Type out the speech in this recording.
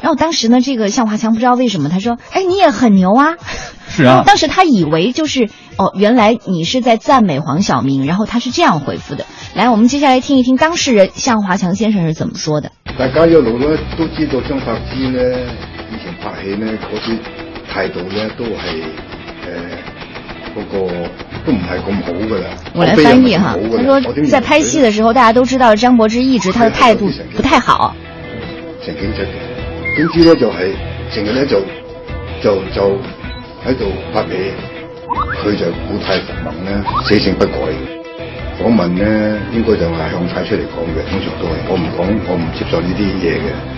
然後當時呢，這個向華強不知道為什麼，他說：“哎，你也很牛啊！”是啊。當時他以為就是哦，原來你是在贊美黃曉明，然後他是這樣回覆的。來，我們接下來聽一聽當事人向華強先生是怎麼說的。大家一路呢都知道張柏芝呢以前拍戲呢，嗰啲態度呢，態度呢都係誒嗰個都唔係咁好㗎喇。我來翻譯哈，他說在拍戲的時候，大家都知道張柏芝一直他的態度不太好。曾、嗯總之咧就係成日咧就就就喺度發脾，佢就故態復萌咧，死性不改。訪問咧應該就係向太出嚟講嘅，通常都係我唔講，我唔接受呢啲嘢嘅。